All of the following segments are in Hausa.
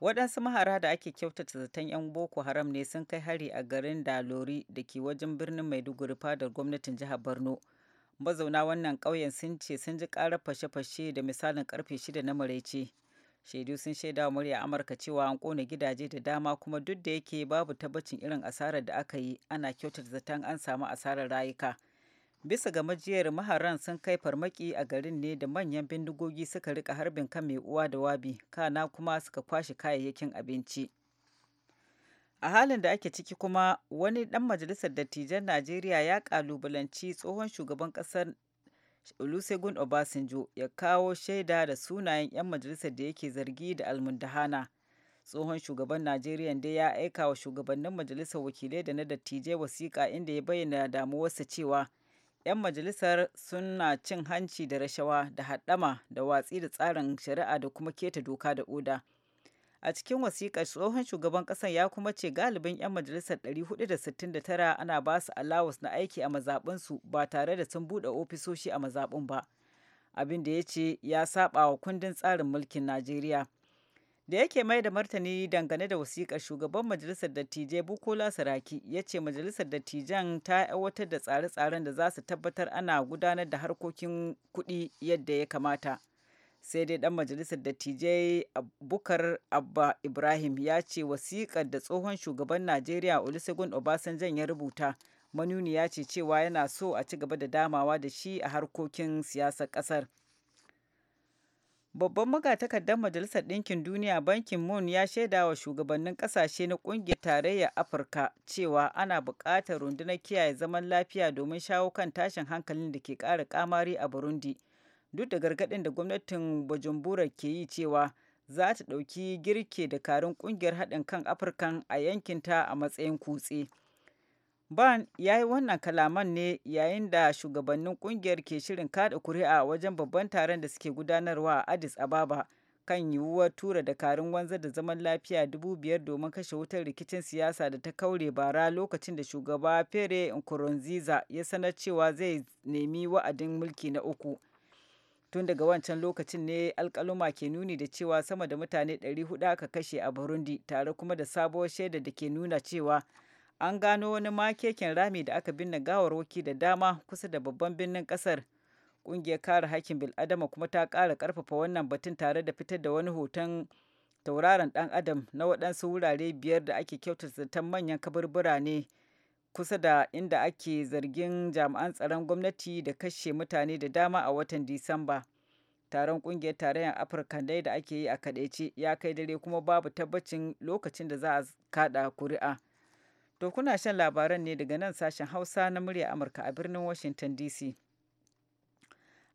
waɗansu mahara da ake kyautata zaton 'yan boko haram ne sun kai hari a garin dalori da ke wajen birnin maiduguri fadar gwamnatin jihar borno mazauna wannan ƙauyen sun ce sun ji ƙarar fashe-fashe da misalin karfe shida na maraice shaidu sun shaida wa murya amurka cewa an kona gidaje da dama kuma duk da yake babu tabbacin irin asarar da aka yi ana kyautata zaton an samu asarar rayuka bisa ga majiyar maharan sun kai farmaki a garin ne da manyan bindigogi suka rika harbin kan mai uwa da wabi kana kuma suka kwashe kayayyakin abinci a halin da ake ciki kuma wani dan majalisar dattijan najeriya ya kalubalanci tsohon shugaban kasar olusegun obasanjo ya kawo shaida da sunayen 'yan majalisar da yake zargi da almundahana tsohon shugaban najeriya da ya aika wa shugabannin majalisar wakilai da na dattijai wasiƙa inda ya bayyana damuwarsa cewa 'yan majalisar suna cin hanci da rashawa da haɗama da watsi da tsarin shari'a da kuma keta doka da oda. A cikin wasiƙa tsohon shugaban ƙasar ya kuma ce galibin 'yan majalisar 469 ana ba su alawas na aiki a mazaɓinsu ba tare da sun buɗe ofisoshi a mazaɓin ba. Abin da ya ce ya saɓa wa kundin tsarin mulkin Najeriya. da yake mai da martani dangane da wasikar shugaban majalisar dattijai bukola saraki ya ce majalisar dattijan ta aiwatar da tsare-tsaren da za su tabbatar ana gudanar da harkokin kuɗi yadda ya kamata sai dai dan majalisar dattijai bukar abba ibrahim ya ce wasikar da tsohon shugaban najeriya olusegun obasanjan ya rubuta manuniya ce cewa yana so a ci gaba da damawa da shi a harkokin siyasar ƙasar. Babban magatakardar Majalisar Dinkin Duniya Bankin Ki-moon ya shaida wa shugabannin kasashe na ƙungiyar tarayyar Afirka cewa ana buƙatar rundunar kiyaye zaman lafiya domin shawo kan tashin hankalin da ke ƙara kamari a Burundi. Duk da gargaɗin da gwamnatin Bujumbura ke yi cewa za ta ɗauki girke karin ƙungiyar haɗin kan Afirkan a yankinta a matsayin kutse. Ban ya yi wannan kalaman ne yayin da shugabannin kungiyar ke shirin kada kuri'a wajen babban taron da suke gudanarwa a Addis Ababa kan yiwuwar tura da dakarun wanzar da zaman lafiya dubu biyar domin kashe wutar rikicin siyasa da ta kaure bara lokacin da shugaba Pierre Nkurunziza ya sanar cewa zai nemi wa'adin mulki na uku. Tun daga wancan lokacin ne alkaluma ke nuni da cewa sama da mutane 400 aka kashe a Burundi tare kuma da sabuwar shaida da ke nuna cewa an gano wani makekin rami da aka binne gawarwaki da dama kusa da babban birnin kasar ƙungiyar kare hakkin bil'adama kuma ta ƙara ƙarfafa wannan batun tare da fitar da wani hoton tauraron dan adam na waɗansu wurare biyar da ake kyautar zaton manyan kaburbura ne kusa da inda ake zargin jami'an tsaron gwamnati da kashe mutane da dama a watan disamba taron kungiyar tarayyar afirka dai da ake yi a kaɗaice ya kai dare kuma babu tabbacin lokacin da za a kada kuri'a. To kuna shan labaran ne daga nan sashen Hausa na murya Amurka a birnin Washington DC.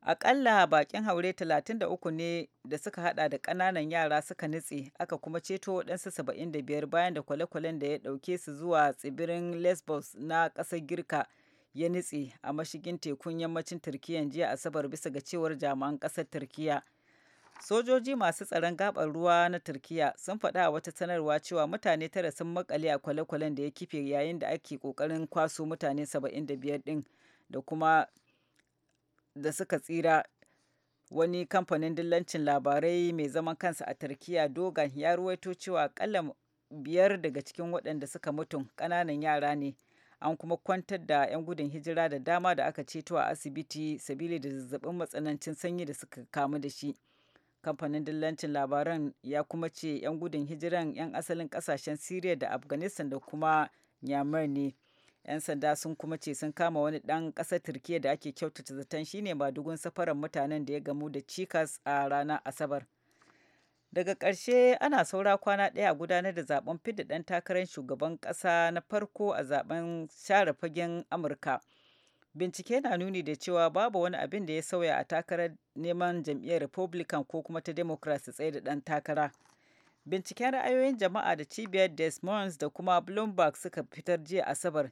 Aƙalla bakin haure 33 ne da suka hada da ƙananan yara suka nutse aka kuma ceto waɗansu 75 bayan da kwale-kwalen da ya ɗauke su zuwa tsibirin Lesbos na ƙasar Girka ya nutse a mashigin tekun yammacin Turkiyya jiya Asabar bisa ga cewar jami'an ƙasar Turkiyya. Sojoji masu tsaron gabar ruwa na Turkiyya sun faɗa a wata sanarwa cewa mutane tara sun makale a kwale-kwalen da ya kife yayin da ake kokarin kwaso mutane 75 ɗin da kuma da suka tsira wani kamfanin dillancin labarai mai zaman kansa a Turkiyya Dogon ya ruwaito cewa ƙalam biyar daga cikin waɗanda suka mutum ƙananan yara ne an kuma kwantar da 'yan gudun hijira da dama da aka ceto a asibiti sabili da zazzabin matsanancin sanyi da suka kamu da shi. kamfanin dillancin labaran ya kuma ce 'yan gudun hijiran 'yan asalin kasashen syria da afghanistan da kuma nyamar ne 'yan sanda sun kuma ce sun kama wani ɗan ƙasar turkiya da ake kyautata zaton shine madugun safarar mutanen da ya gamu da cikas a rana asabar daga ƙarshe ana saura kwana ɗaya gudanar da zaben fidda ɗan takarar shugaban ƙasa na farko a zaben share fagen amurka bincike na nuni da cewa babu wani abin da ya sauya a takarar neman jam'iyyar republican ko kuma ta democrat su tsaye da ɗan takara binciken ra'ayoyin jama'a da cibiyar des moines da kuma bloomberg suka fitar jiya asabar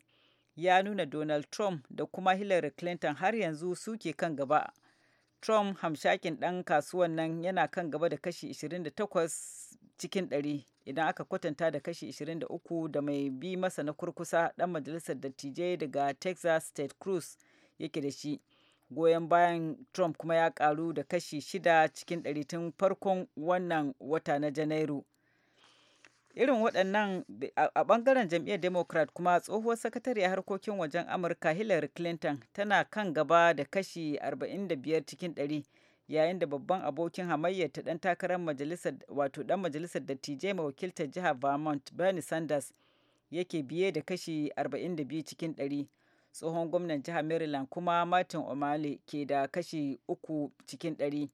ya nuna donald trump da kuma hillary clinton har yanzu suke kan gaba trump hamshakin dan kasuwan nan yana kan gaba da kashi 28 cikin ɗari idan aka kwatanta da kashi 23 da mai bi masa na kurkusa ɗan majalisar dattijai daga texas state cruz yake da shi goyon bayan trump kuma ya ƙaru da kashi 6 cikin ɗari tun farkon wannan wata na janairu irin waɗannan a ɓangaren jam'iyyar democrat kuma tsohuwar sakatare a harkokin wajen amurka hillary clinton tana kan gaba da kashi 45 cikin ɗari. yayin da babban abokin hamayyar ta dan takarar majalisar wato dan majalisar dattijai mai wakiltar jihar Vermont Bernie Sanders yake biye da kashi 42 cikin 100 tsohon gwamnan jihar Maryland kuma Martin O'Malley ke da kashi 3 cikin 100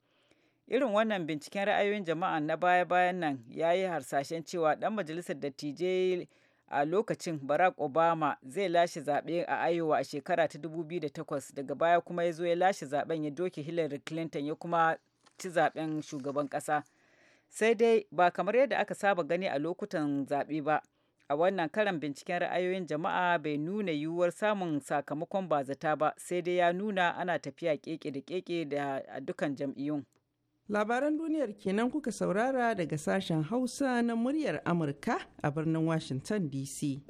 irin wannan binciken ra'ayoyin jama'a na baya-bayan nan ya yi harsashen cewa ɗan majalisar dattijai a lokacin barack obama zai lashe zaɓe a iowa a shekara ta 2008 daga baya kuma ya zo ya lashe zaɓen ya doke hillary clinton ya kuma ci zaɓen shugaban ƙasa sai dai ba kamar yadda aka saba gani a lokutan zaɓe ba a wannan karan binciken ra'ayoyin jama'a bai nuna yiwuwar samun sakamakon bazata ba sai dai ya nuna ana tafiya keke da keke da dukkan jam'iyyun Labaran duniyar kenan kuka saurara daga sashen Hausa na muryar Amurka a birnin Washington DC.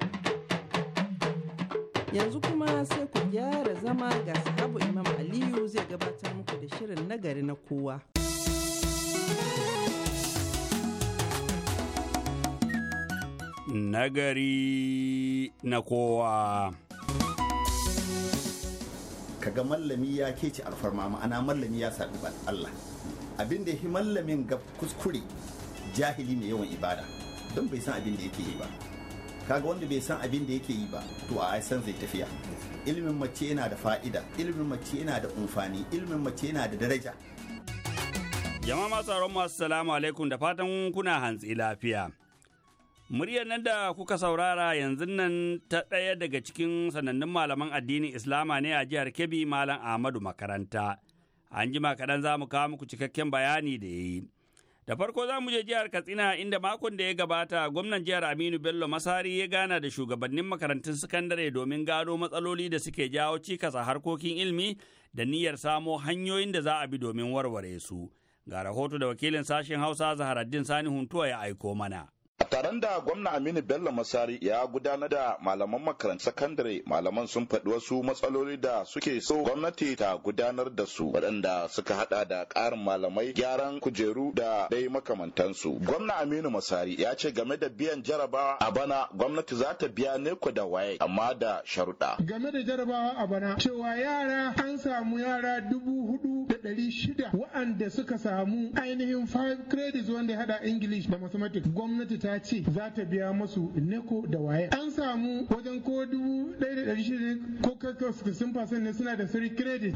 Yanzu kuma sai ku gyara zama ga sahabu Imam Aliyu zai gabatar muku da shirin nagari na kowa. Nagari na kowa. Kaga mallami ya ci alfarma ma'ana mallami ya sadu Allah. abin da ya mallamin ga kuskure jahili mai yawan ibada don bai san abin da yake yi ba kaga wanda bai san abin da yake yi ba to a san zai tafiya ilimin mace yana da fa'ida ilimin mace yana da umfani ilimin mace yana da daraja jama'a masu tsaron masu salamu alaikum da fatan kuna hantsi lafiya muryar nan da kuka saurara yanzu nan ta ɗaya daga cikin sanannun malaman addinin islama ne a jihar kebbi malam ahmadu makaranta an jima kaɗan za mu kawo muku cikakken bayani da ya yi. Da farko za mu je jihar Katsina inda makon da ya gabata gwamnan jihar Aminu Bello Masari ya gana da shugabannin makarantun sakandare domin gano matsaloli da suke jawo cikas a harkokin ilimi da niyyar samo hanyoyin da za a bi domin warware su. Ga rahoto da wakilin sashen Hausa Zaharaddin Sani Huntuwa ya aiko mana. A taron da gwamna Aminu Bello Masari ya gudanar da malaman makarantar sakandare malaman sun faɗi wasu matsaloli da suke so gwamnati ta gudanar da su waɗanda suka haɗa da ƙarin malamai gyaran kujeru da dai makamantansu. Gwamna Aminu Masari ya ce game da biyan jarabawa a bana gwamnati za ta biya ne da waye amma da sharuɗa. Game da jarabawa a bana cewa yara an samu yara dubu hudu ɗari shida wa'anda suka samu ainihin five credits wanda ya haɗa English da mathematics gwamnati ta ce za ta biya masu neko da waye. An samu wajen ko dubu ɗaya da ɗari shida ko sun fasan ne suna da three credits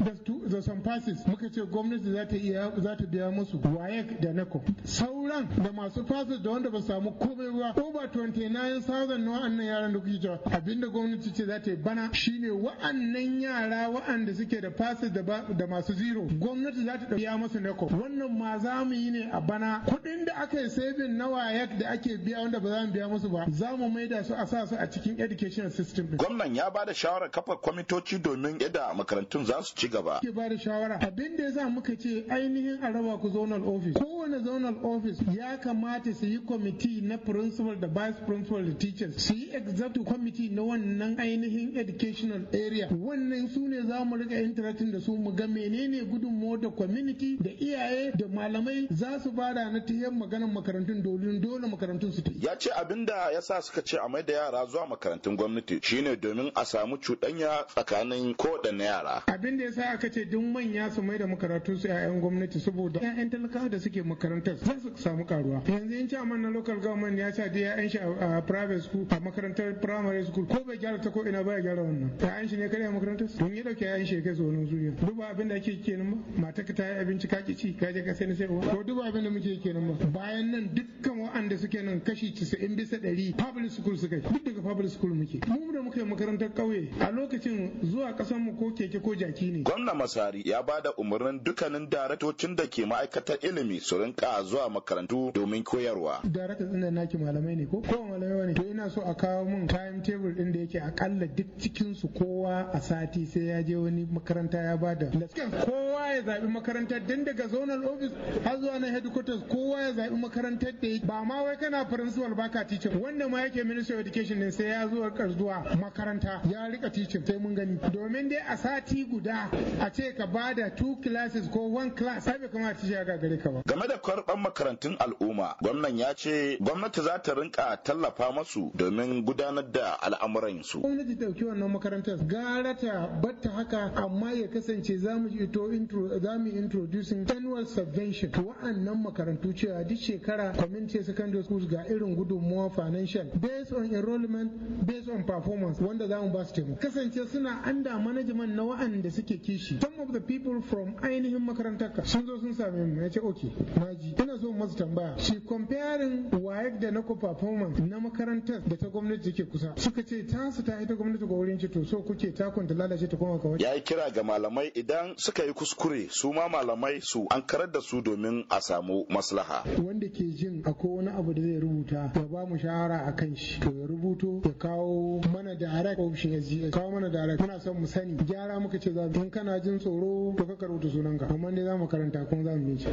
da some passes muka ce gwamnati za ta iya za ta biya musu waye da neko. Sauran da masu passes da wanda ba samu komai ba over 29,000 na wa'annan yaran da kuke cewa abinda gwamnati ce za ta yi bana shine wa'annan yara wa'anda suke da passes da masu zero gwamnati za ta biya masa neko wannan ma za mu yi ne a bana kuɗin da aka yi saving na wayak da ake biya wanda ba za mu biya musu ba za mu maida su a sa su a cikin education system din gwamnan ya ba da shawara kafa kwamitoci domin yadda makarantun za su ci gaba ke ba da shawara abin da yasa muka ce ainihin a raba ku zonal office kowane zonal office ya kamata su yi kwamiti na principal da vice principal da teachers su yi exact committee na wannan ainihin educational area wannan su ne za mu rika interacting da su mu ga menene gudunmu zamo da community da iyaye da malamai za su bada na tiyan maganar makarantun domin dole makarantun su ya ce abinda ya sa suka ce a mai da yara zuwa makarantun gwamnati shine domin a samu cuɗanya tsakanin na yara Abinda ya sa aka ce duk manya su mai da makarantun su 'ya'yan gwamnati saboda 'ya'yan talakawa da suke makarantar za su samu karuwa yanzu in ce na local government ya sa da 'ya'yan shi a private school a makarantar primary school ko bai gyara ta ko ina ba ya gyara wannan 'ya'yan shi ne kare a makarantar don ya dauke 'ya'yan shi ya kai su wani zuriya duba abinda ake kenan ba mata ka tayi abinci ka ki ci ka je ka sai na sai uwa to duk abin da muke kenan ba bayan nan dukkan waɗanda suke nan kashi 90 bisa 100 public school suka yi duk daga public school muke mu da muka yi makarantar kauye a lokacin zuwa ƙasar mu ko keke ko jaki ne gwamna masari ya ba da umarnin dukkanin daratocin da ke ma'aikatar ilimi su rinka zuwa makarantu domin koyarwa Darata ɗin naki malamai ne ko ko malamai ne to ina so a kawo mun min table ɗin da yake akalla duk cikin su kowa a sati sai ya je wani makaranta ya bada kowa ya zaɓi makarantar dan daga zonal ofis. har zuwa na headquarters kowa ya zaɓi makarantar da ba ma wai kana principal baka teacher wanda ma yake ministry of education din sai ya zo zuwa makaranta ya rika teaching sai mun gani domin dai a sati guda a ce ka bada two classes ko one class sai bai kamata ya gare ka ba game da karban makarantun al'umma gwamnan ya ce gwamnati za ta rinka tallafa masu domin gudanar da al'amuran su gwamnati ta dauki wannan makarantar gara ta batta haka amma ya kasance za mu ji ito intro za mu introducing annual subvention to wa'annan makarantu cewa duk shekara community secondary schools ga irin gudunmuwa financial based on enrollment based on performance wanda za mu ba su taimako kasance suna anda management na wa'anda suke kishi some of the people from ainihin makarantar ka sun zo sun same mu ya ce okay ina so masu tambaya shi comparing wayek da na performance na makarantar da ta gwamnati take kusa suka ce ta tasu ta ita gwamnati ga wurin ci to so kuke kunta lalace ta kuma wani. ya kira ga malamai idan suka yi kuskure suma su ma malamai su an karar da su domin a samu maslaha wanda ke jin akwai wani abu da zai rubuta ya ba mu shahara a kan shi to ya rubuto ya kawo mana direct option SGS kawo mana direct muna son mu sani gyara muka ce za in kana jin tsoro to ka rubuta sunanka amma dai za mu karanta kuma za mu bincike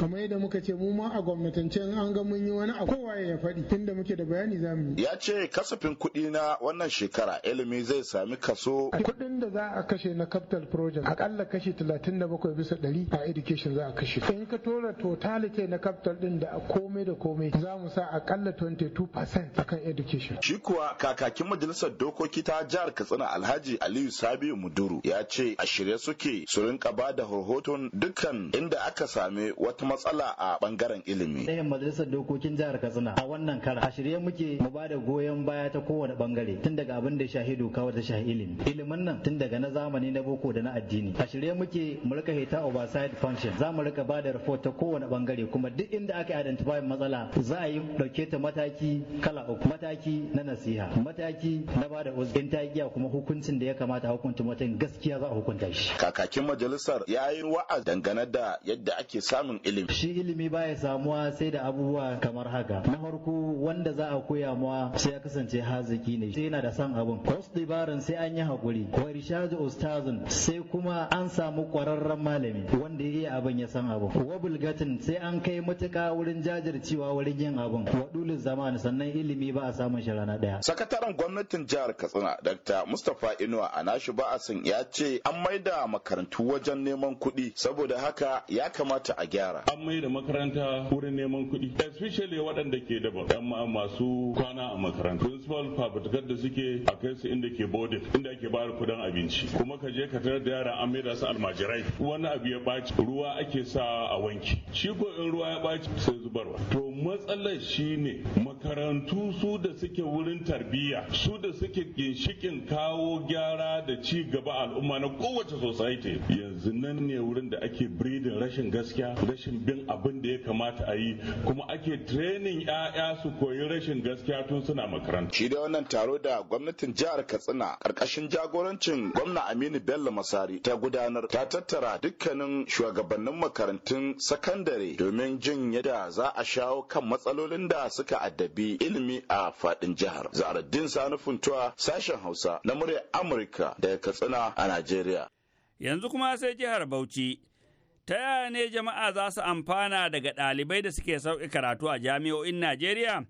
kamar yadda muka ce mu ma a gwamnatance an ga mun yi wani a kowaye ya faɗi tunda muke da bayani za mu yi ya ce kasafin kuɗi na wannan shekara ilimi zai sami kaso kuɗin da za a kashe na capital project akalla kashi talatin. bakwai bisa ɗari a education za a kashe in ka tora totality na capital ɗin da komai da komai za mu sa akalla 22% kan education shi kuwa kakakin majalisar dokoki ta jihar katsina alhaji aliyu sabiu muduru ya ce a shirye suke su rinka ba da rahoton dukkan inda aka same wata matsala a bangaren ilimi ɗayan majalisar dokokin jihar katsina a wannan kara a shirye muke mu ba da goyon baya ta kowane bangare tun daga abin da shahidu kawai wata shahi ilimi ilimin nan tun daga na zamani na boko da na addini a shirye muke mu rika hita oversight function za mu rika ba da report ta kowane bangare kuma duk inda aka identify matsala za a yi dauke ta mataki kala uku mataki na nasiha mataki na ba da uzin giya. kuma hukuncin da ya kamata hukunta mutum gaskiya za a hukunta shi kakakin majalisar ya yi wa'a dangane da yadda ake samun ilimi shi ilimi baya samuwa sai da abubuwa kamar haka na farko wanda za a koya mu sai ya kasance haziki ne sai yana da san abun kwas dibaran sai an yi hakuri wa rishadu ustazin sai kuma an samu ƙwararren malami wanda ya iya abin ya san abu Wabul Gatin sai an kai matuka wurin jajircewa wurin yin abin wa zaman sannan ilimi ba a samun shi rana daya sakataren gwamnatin jihar katsina dr mustapha inuwa a nashi ba a san ya ce an maida makarantu wajen neman kuɗi saboda haka ya kamata a gyara an maida makaranta wurin neman kuɗi especially waɗanda ke da masu kwana a makaranta principal fafutukar da suke a kai su inda ke boarding inda ake bayar kudin abinci kuma ka je ka tarar da yara an maida su almajirai sarai wani abu ya ɓaci ruwa ake sa a wanki shi ko in ruwa ya ɓaci sai zubarwa to matsalar shine makarantu su da suke wurin tarbiyya su da suke ginshikin kawo gyara da ci gaba al'umma na kowace society yanzu nan ne wurin da ake breeding rashin gaskiya rashin bin abin da ya kamata a yi kuma ake training 'ya'ya su koyi rashin gaskiya tun suna makaranta shi da wannan taro da gwamnatin jihar katsina karkashin jagorancin gwamna aminu bello masari ta gudanar ta tattara dukkanin shugabannin makarantun sakandare domin jin yadda za a shawo kan matsalolin da suka addabi ilimi a fadin jihar. Za'araddin Sani Funtuwa sashen Hausa na muryar Amurka daga Katsina a Najeriya. Yanzu kuma sai jihar Bauchi. Ta yaya ne jama'a za su amfana daga ɗalibai da suke sauƙi karatu a jami'o'in Najeriya?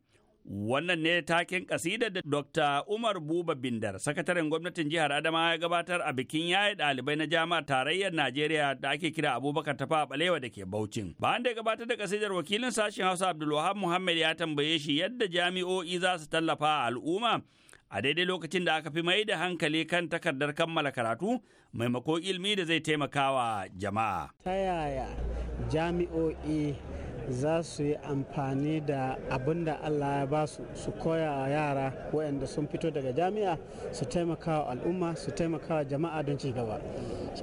Wannan ne taken kasidar da Dr. Umar Buba Bindar, sakataren gwamnatin jihar Adama ya gabatar a bikin yaye ɗalibai na jami'ar tarayyar Najeriya da ake kira Abubakar Tafa Balewa da ke Baucin. Bayan da ya gabatar da kasidar wakilin sashen Hausa Abdulwahab Muhammad ya tambaye shi yadda jami'o'i za su tallafa al'umma a daidai lokacin da aka fi mai da hankali kan takardar kammala karatu maimako ilmi da zai taimakawa jama'a. Ta yaya jami'o'i za su yi amfani da abin da allah ya ba su su koya wa yara waɗanda sun fito daga jami'a su taimaka wa al'umma su taimaka wa jama'a don ci gaba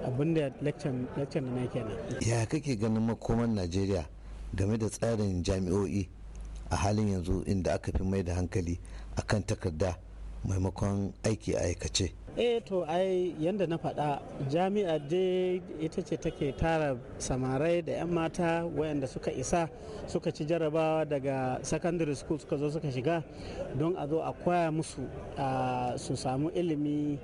abin da lecture na kenan ya kake ganin makoman najeriya game da tsarin jami'o'i a halin yanzu inda aka fi mai da hankali akan takarda maimakon aiki a aikace eh to ai yanda na faɗa jami'a dai ita ce take tara samarai da 'yan mata wayanda suka isa suka ci jarabawa daga secondary school suka zo suka shiga don a zo a koya musu su samu ilimi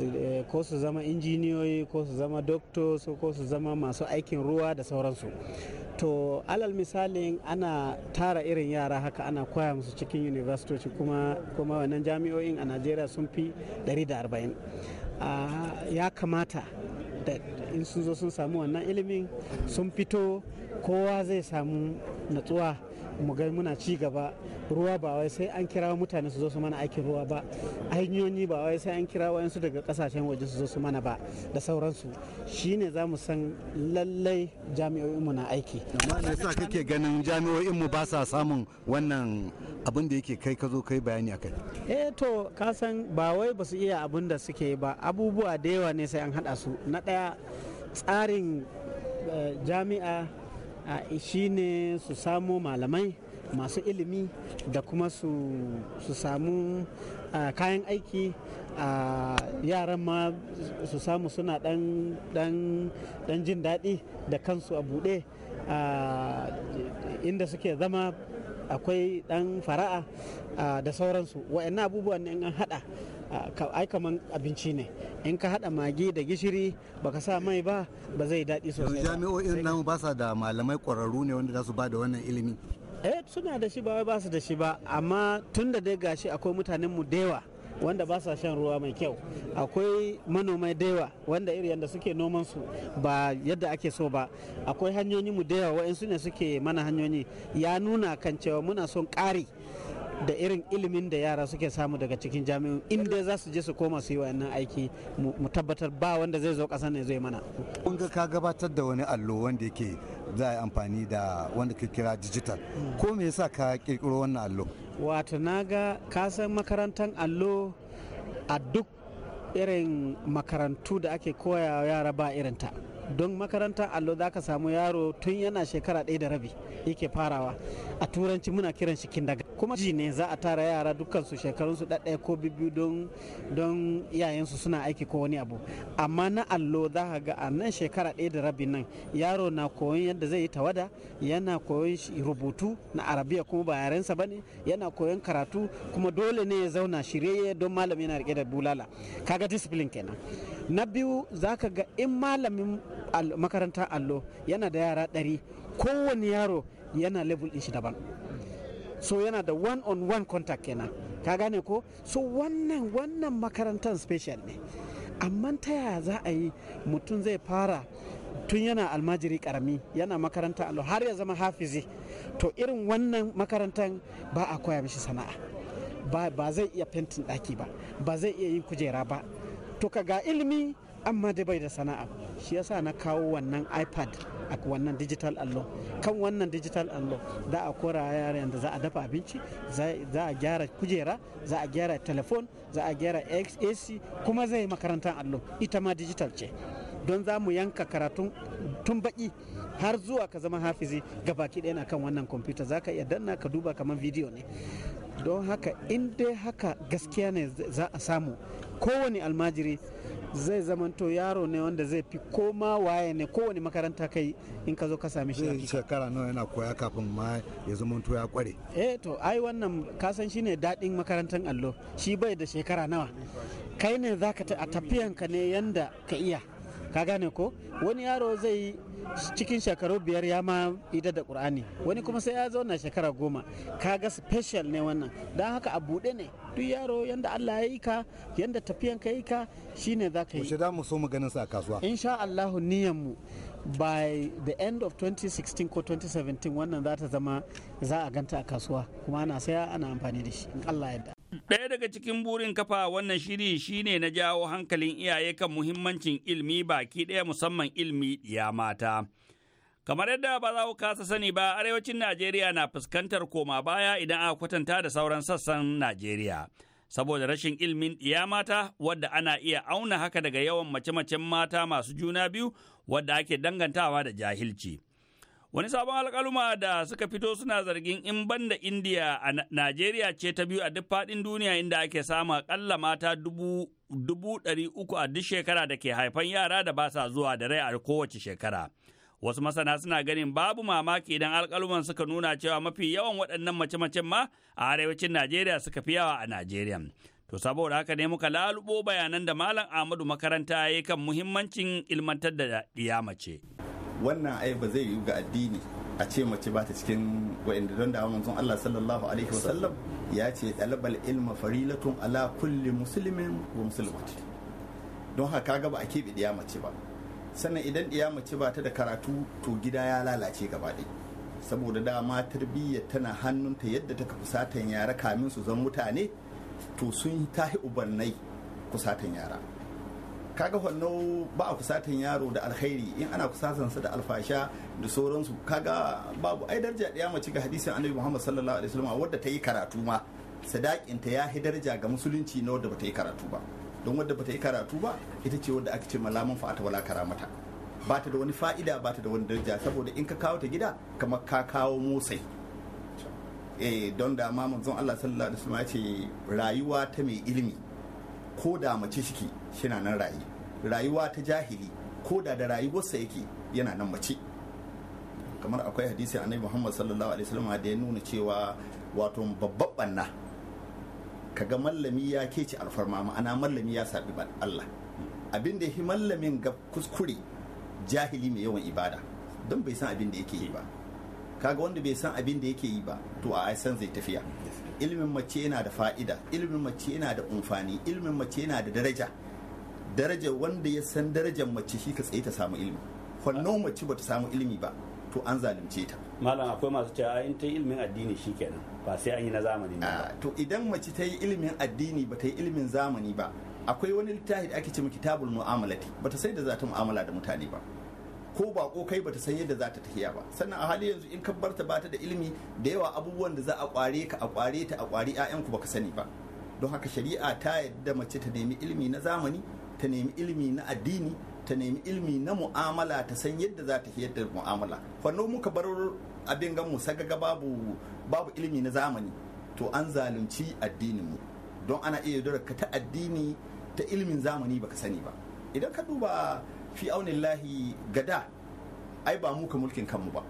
Eh, ko su zama injiniyoyi ko su zama doctors ko su zama masu aikin ruwa da sauransu to alal misalin ana tara irin yara haka ana koya musu cikin universitoci kuma kuma wannan jami'o'in a najeriya sun fi 140 ah, ya kamata da in sun zo sun samu wannan ilimin sun fito kowa zai samu natsuwa mu ga muna ci gaba ruwa ba wai sai an kira mutane su zo su mana aikin ruwa ba hanyoyi ba wai sai an kira wayansu daga kasashen waje su zo su mana ba da sauransu shine za mu san lallai jami'o'inmu na aiki amma ne sa kake ganin jami'o'inmu ba sa samun wannan abin da yake kai ka zo kai bayani akai eh to ka san ba wai ba su iya abin da suke ba abubuwa da yawa ne sai an hada su na daya tsarin eh, jami'a ne su samo malamai masu ilimi da kuma su samu kayan aiki a yaran ma su samu suna dan jin daɗi da kansu a buɗe inda suke zama akwai dan fara'a da sauransu wa'annan abubuwan ne an haɗa Ah, ai kaman abinci ne in ka hada magi da gishiri baka sa mai ba ba zai daɗi sosai ba jami'o'in namu ba sa da malamai ƙwararru ne wanda za su ba da wannan ilimi eh suna da shi ba wai ba su da shi ba amma tun da dai gashi akwai mutanen mu da yawa wanda ba sa shan ruwa mai kyau akwai manomai da yawa wanda iri yadda suke noman su ba yadda ake so ba akwai hanyoyin mu da yawa su ne suke mana hanyoyi ya nuna kan cewa muna son ƙari da irin ilimin da yara suke samu daga cikin jami'un inda za su je su koma su yi wannan aiki mu tabbatar ba wanda zai zo ƙasar ne zai mana kun ga ka gabatar da wani allo wanda yake za a yi amfani da wanda ka kira digital ko me yasa ka kirkiro wannan allo wato ka san makarantar allo a duk irin makarantu da ake koya yara ba irin ta don makarantar allo za ka samu yaro tun yana shekara ɗaya da rabi yake farawa a turanci muna kiran shi kindaga kuma ji ne za a tara yara dukkan su shekarun su ɗaɗɗaya ko biyu don don iyayen su suna aiki ko wani abu amma na allo za ka ga a nan shekara ɗaya da rabin nan yaro na koyon yadda zai yi tawada yana koyon rubutu na arabiya kuma ba yarensa bane yana koyon karatu kuma dole ne ya zauna shirye don malamin yana rike da bulala kaga discipline kenan na biyu za ka ga in malamin makarantar allo yana da yara ɗari kowane yaro yana level ɗin shi daban so yana da one on one contact kenan ka gane ko so wannan wannan makarantar special ne amma ta yaya za a yi mutum zai fara tun yana almajiri karami yana makaranta allo har ya zama hafizi to irin wannan makarantar ba a koya mishi sana'a ba zai iya fentin ɗaki ba ba zai iya yin kujera ba to ka ga ilimi amma dai bai da sana'a shi yasa na kawo wannan ipad a wannan digital allo kan wannan digital allo za a kora yaran da za a dafa abinci za a gyara kujera za a gyara telefon za a gyara ac kuma zai makarantar allo ita ma digital ce don za mu yanka karatun tun baki har zuwa ka zama hafizi baki ɗaya na kan wannan kwamfuta za ka iya danna ka duba kamar bidiyo ne don haka in dai haka gaskiya ne za a samu kowane almajiri zai zamanto yaro ne wanda zai fi koma waye ne kowane makaranta kai in ka zo ka sami shi shekara nawa yana koya kafin ma ya zamanto ya kware eh to ai wannan kasan shine dadin makarantar allo shi bai da shekara nawa kai ne zaka a tafiyanka ne yanda ka iya ka gane ko wani yaro zai cikin shekaru biyar ya ma ida da qur'ani wani kuma sai ya zauna shekara goma ka ga special ne wannan don haka a buɗe ne duk yaro yanda Allah ya yi ka yanda tafiyan ka yi ka shine za ka yi mu mu so mu ganin sa a kasuwa insha allahu niyan mu by the end of 2016 ko 2017 wannan za ta zama za a ganta a kasuwa kuma ana saya ana amfani da shi in Allah yadda Ɗaya daga cikin burin kafa wannan shiri shine na jawo hankalin iyaye kan muhimmancin ilmi baki ɗaya musamman ilmi ɗiya mata. Kamar yadda ba za ku kasa sani ba, arewacin Najeriya na fuskantar koma baya idan aka kwatanta da sauran sassan Najeriya. Saboda rashin ilmin ɗiya mata, wadda ana iya auna haka daga yawan mace-macen mata masu juna biyu, wadda ake dangantawa da jahilci. Wani sabon alkaluma da suka fito suna zargin in banda Indiya a Najeriya ce ta biyu a duk faɗin duniya inda ake samun akalla mata dubu ɗari uku a duk shekara da ke haifan yara da ba sa zuwa da rai a kowace shekara. Wasu masana suna ganin babu mamaki idan alkaluman suka nuna cewa mafi yawan waɗannan mace-macen ma a arewacin Najeriya suka fi yawa a Najeriya. To saboda haka ne muka lalubo bayanan da Malam Ahmadu makaranta ya yi kan muhimmancin ilmantar da ɗiya mace. wannan ai ba zai yi ga addini a ce mace ba ta cikin wa'inda don da manzon Allah sallallahu alaihi wasallam ya ce talabal ilma farilatun ala kulli musulmin wa musulmati don haka kaga ba a keɓe ɗiya mace ba sannan idan ɗiya mace ba ta da karatu to gida ya lalace gaba ɗaya saboda dama tarbiyya tana hannunta yadda ta fusatan yara kamin su zan mutane to sun tahi ubannai kusatan yara kaga wannan ba a kusatan yaro da alkhairi in ana kusatan sa da alfasha da sauransu kaga babu ai daraja daya mace ga hadisin annabi Muhammad sallallahu alaihi wasallam wadda ta yi karatu ma sadakin ta ya hi daraja ga musulunci na wadda bata yi karatu ba don wadda bata yi karatu ba ita ce wadda aka ce malaman fa'ata wala karamata ba ta da wani fa'ida ba ta da wani daraja saboda in ka kawo ta gida kamar ka kawo motsai eh don da ma manzon Allah sallallahu alaihi wasallam ya ce rayuwa ta mai ilimi ko da mace shike shina nan rayu rayuwa ta jahili ko da da rayuwarsa yake yana nan mace kamar akwai hadisi annabi Muhammad sallallahu alaihi wasallam da ya nuna cewa wato babban banna kaga mallami ya keci alfarma ma'ana mallami ya sabi Allah abin da ya mallamin ga kuskure jahili mai yawan ibada don bai san abin da yake yi ba kaga wanda bai san abin da yake yi ba to a san zai tafiya ilimin mace yana da fa'ida ilimin mace yana da umfani ilimin mace yana da daraja daraja wanda ya san darajar mace shi ka tsaye ta samu ilimi kwanno mace ba ta samu ilimi ba to an zalunce ta malam akwai masu cewa in ta yi ilimin addini shikenan ba sai an yi na zamani ba ah, to idan mace ta yi ilimin addini ba ta yi ilimin zamani ba akwai wani littafi da ake cewa kitabul mu'amalati bata sai da za ta mu'amala da mutane ba ko ba ko kai bata san yadda za ta tafiya ba sannan a hali yanzu in ka barta bata da ilimi da yawa abubuwan da za a kware ka a kware ta a kware 'ya'yanku baka sani ba don haka shari'a ta yadda mace ta nemi ilimi na zamani ta nemi ilimi na addini ta nemi ilimi na mu'amala ta san yadda za ta yadda mu'amala fannu muka bar abin gan mu sagaga babu babu ilimi na zamani to an zalunci addinin mu don ana iya dora ka ta addini ta ilimin zamani baka sani ba idan ka duba fi aunillahi gada ai ba mu ka mulkin kanmu ba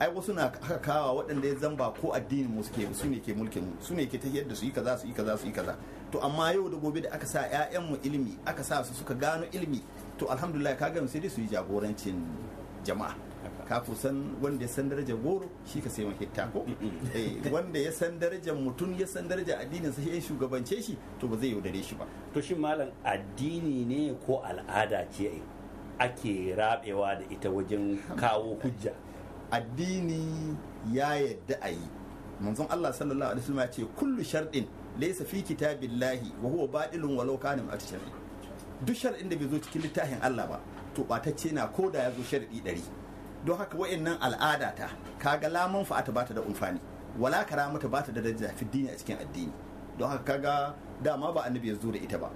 ai wasu na haka kawa waɗanda ya zamba ko addinin mu suke su ne ke mulkin mu su ne ke ta yadda su yi kaza su yi kaza su yi kaza to amma yau da gobe da aka sa 'ya'yanmu ilimi aka sa su suka gano ilimi to alhamdulillah ka gano sai dai su yi jagorancin jama'a ka san wanda ya san darajar goro shi ka sai mahitta ko mm, mm, mm. Eh, wanda ya san darajar mutum ya san darajar addinin sai ya shugabance shi to ba zai yaudare shi ba to shi malam addini ne ko al'ada ce ake rabewa da ita wajen kawo hujja addini ya yadda a yi manzon Allah sallallahu alaihi wasallam ya ce kullu sharɗin laisa fi kitabillahi wa huwa batilun walau kana ma shar'i duk shar'in da bai zo cikin littafin Allah ba to batacce na ko da ya zo shar'i ɗari don haka wa'annan al'ada ta kaga fa'a ta bata da umfani wala karamata bata da daraja fi dini a cikin addini don haka kaga dama ba annabi ya zo da ita ba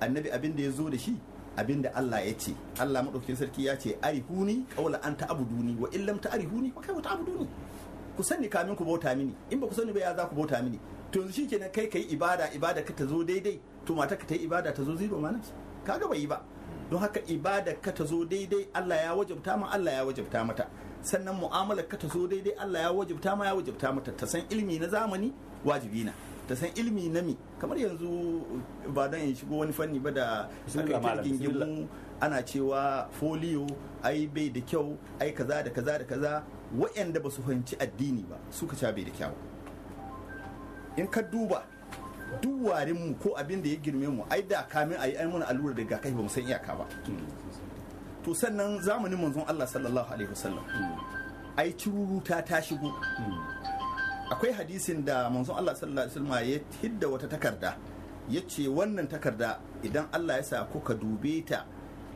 annabi abin da ya zo da shi abin da Allah ya ce Allah madaukakin sarki ya ce arihuni qawla an ta'buduni wa illam ta'rifuni fa kayfa ta'buduni ku sani kamin ku bauta mini in ba ku sani ba ya za ku bauta mini to yanzu shikenan kai kai ibada ibada ka ta zo daidai to mata ka ta yi ibada ta zo zero kaga bai yi ba don haka ibada ka ta zo daidai Allah ya wajabta ma Allah ya wajabta mata sannan mu'amalar ka ta zo daidai Allah ya wajabta ma ya wajabta mata ta san ilimi na zamani wajibi na ta san ilimi na mi kamar yanzu ba dan in shigo wani fanni ba da gingimu ana cewa folio ai bai da kyau ai kaza da kaza da kaza wa'anda ba su fahimci addini ba suka ca bai da kyau in ka duba duk warin mu ko abin da ya girme mu ai da kamin ayi ai mun alura daga kai ba mu san iyaka ba to sannan zamanin manzon Allah sallallahu alaihi wasallam ai cururuta ta shigo akwai hadisin da manzon Allah sallallahu alaihi wasallam ya hidda wata takarda ya ce wannan takarda idan Allah ya sa ka dube ta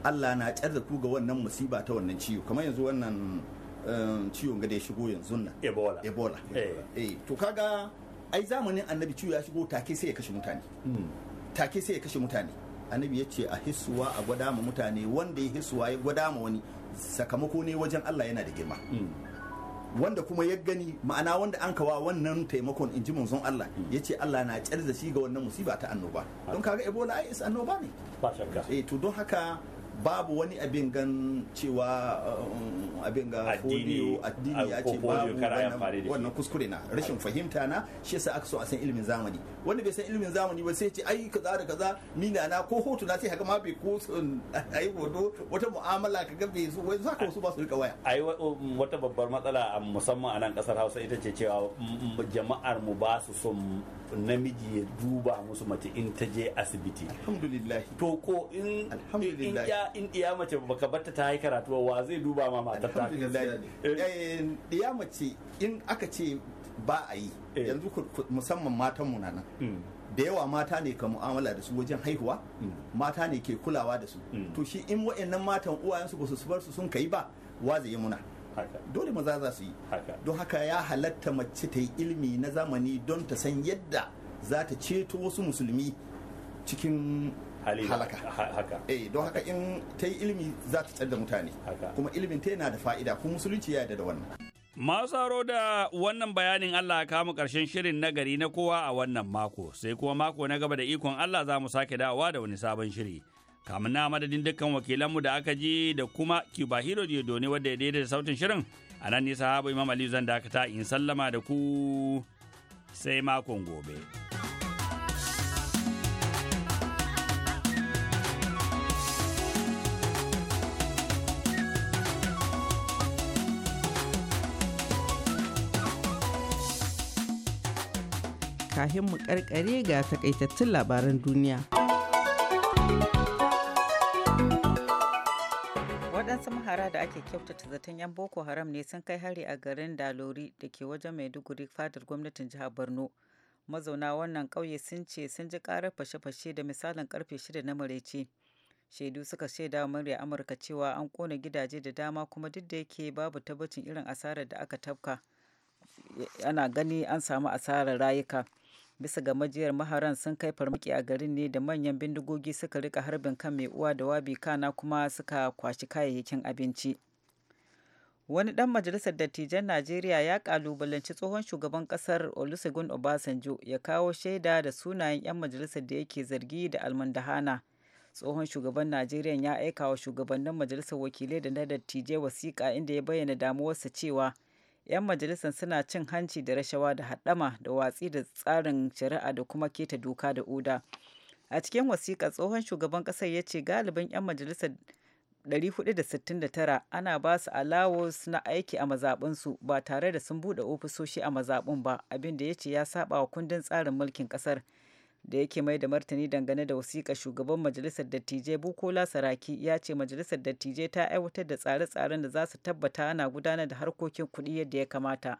Allah na da ku ga wannan musiba ta wannan ciwo kamar yanzu wannan eh, ciwon ga da ya shigo yanzu nan ebola ebola eh, eh to kaga ai zamanin annabi ciwo ya shigo take sai ya kashe mutane hmm. take sai ya kashe mutane annabi ya ce a hisuwa a gwada ma mutane wanda ya hisuwa ya gwada ma wani sakamako ne wajen Allah yana da girma hmm. wanda kuma ya gani ma'ana wanda an kawa wannan taimakon in ji manzon Allah hmm. ya ce Allah na da shi ga wannan musiba ta annoba don kaga ebola ai is annoba ne ba shakka eh to don haka babu wani abin gan cewa uh, abin ga fodiyo addini ya uh, ce babu wannan kuskure na rashin fahimta na shi yasa aka so a san ilimin zamani wanda bai san ilimin zamani ba sai ce ai kaza da kaza ni na na ko hoto na sai haka ma bai ko ai hoto wata mu'amala ka ga bai so wai zaka wasu ba su rika waya ai um, wata babbar matsala musamman a nan kasar Hausa ita ce cewa um, um, jama'ar mu ba su son namiji ya duba musu mace in ta je asibiti alhamdulillah to ko in alhamdulillah in iya mace baka barta ta yi karatu wa zai duba ma matar ta alhamdulillah iya eh, eh, mace in aka ce ba a yi eh. yanzu musamman matan mu nan hmm. da yawa mata ne ka mu'amala da su wajen haihuwa hmm. mata ne ke kulawa da su hmm. to shi in wa'annan matan uwayensu ba su bar su sun kai ba wa zai yi muna dole maza za su yi don haka ya halatta mace ta yi ilimi na zamani don ta san yadda za ta ceto wasu musulmi cikin halaka eh don haka in ta yi ilimi za ta tsar da mutane kuma ilimin ta yana da fa'ida kuma musulunci ya yarda da wannan Masu haro da wannan bayanin Allah ya kama ƙarshen shirin nagari na kowa a wannan mako, sai kuma mako na gaba da ikon Allah za mu sake dawowa da wani sabon shiri. Kamun na madadin dukkan wakilanmu da aka ji da kuma Cuba Hero doni wadda ya daidaita sautin shirin, a nan nisa habu Imam Aliyu zan dakata in sallama da ku sai makon gobe. kahin mu karkare ga takaitattun labaran duniya. waɗansu mahara da ake kyautata zaton 'yan boko haram ne sun kai hari a garin dalori da ke wajen maiduguri fadar gwamnatin jihar borno mazauna wannan ƙauye sun ce sun ji ƙarar fashe-fashe da misalin karfe shida na maraice shaidu suka shaida murya amurka cewa an kona gidaje da dama kuma duk da yake babu tabbacin irin asarar da aka tafka ana gani an samu asarar rayuka bisa ga majiyar maharan sun kai farmaki a garin ne da manyan bindigogi suka rika harbin kan mai uwa da wabi kana kuma suka kwashi kayayyakin abinci wani dan majalisar dattijan najeriya ya kalubalanci tsohon shugaban kasar olusegun obasanjo ya kawo shaida da sunayen 'yan majalisar da yake zargi da almandahana tsohon shugaban najeriya ya aika wa shugabannin majalisar wakilai da na dattijai wasiƙa inda ya bayyana damuwarsa cewa 'yan majalisar suna cin hanci da rashawa da haɗama da watsi da tsarin shari'a da kuma keta doka da oda a cikin wasiƙa tsohon shugaban ƙasar ya ce galibin 'yan majalisar 469 ana ba su alawus na aiki a mazaɓinsu ba tare da sun buɗe ofisoshi a mazaɓin ba abin da ya ce ya saba wa kundin tsarin mulkin ƙasar da yake mai da martani dangane da wasiƙa shugaban majalisar dattijai bukola saraki ya ce majalisar dattijai ta aiwatar da tsare-tsaren da za su tabbata ana gudanar da harkokin kuɗi yadda ya kamata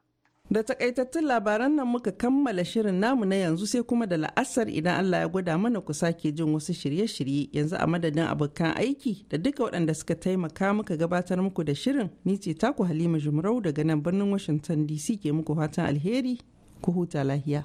da takaitattun labaran nan muka kammala shirin namu na yanzu sai kuma da la'asar idan allah ya gwada mana ku sake jin wasu shirye-shirye yanzu a madadin abokan aiki da duka waɗanda suka taimaka muka gabatar muku da shirin ni ce taku halima jumrau daga nan birnin washington dc ke muku fatan alheri ku huta lahiya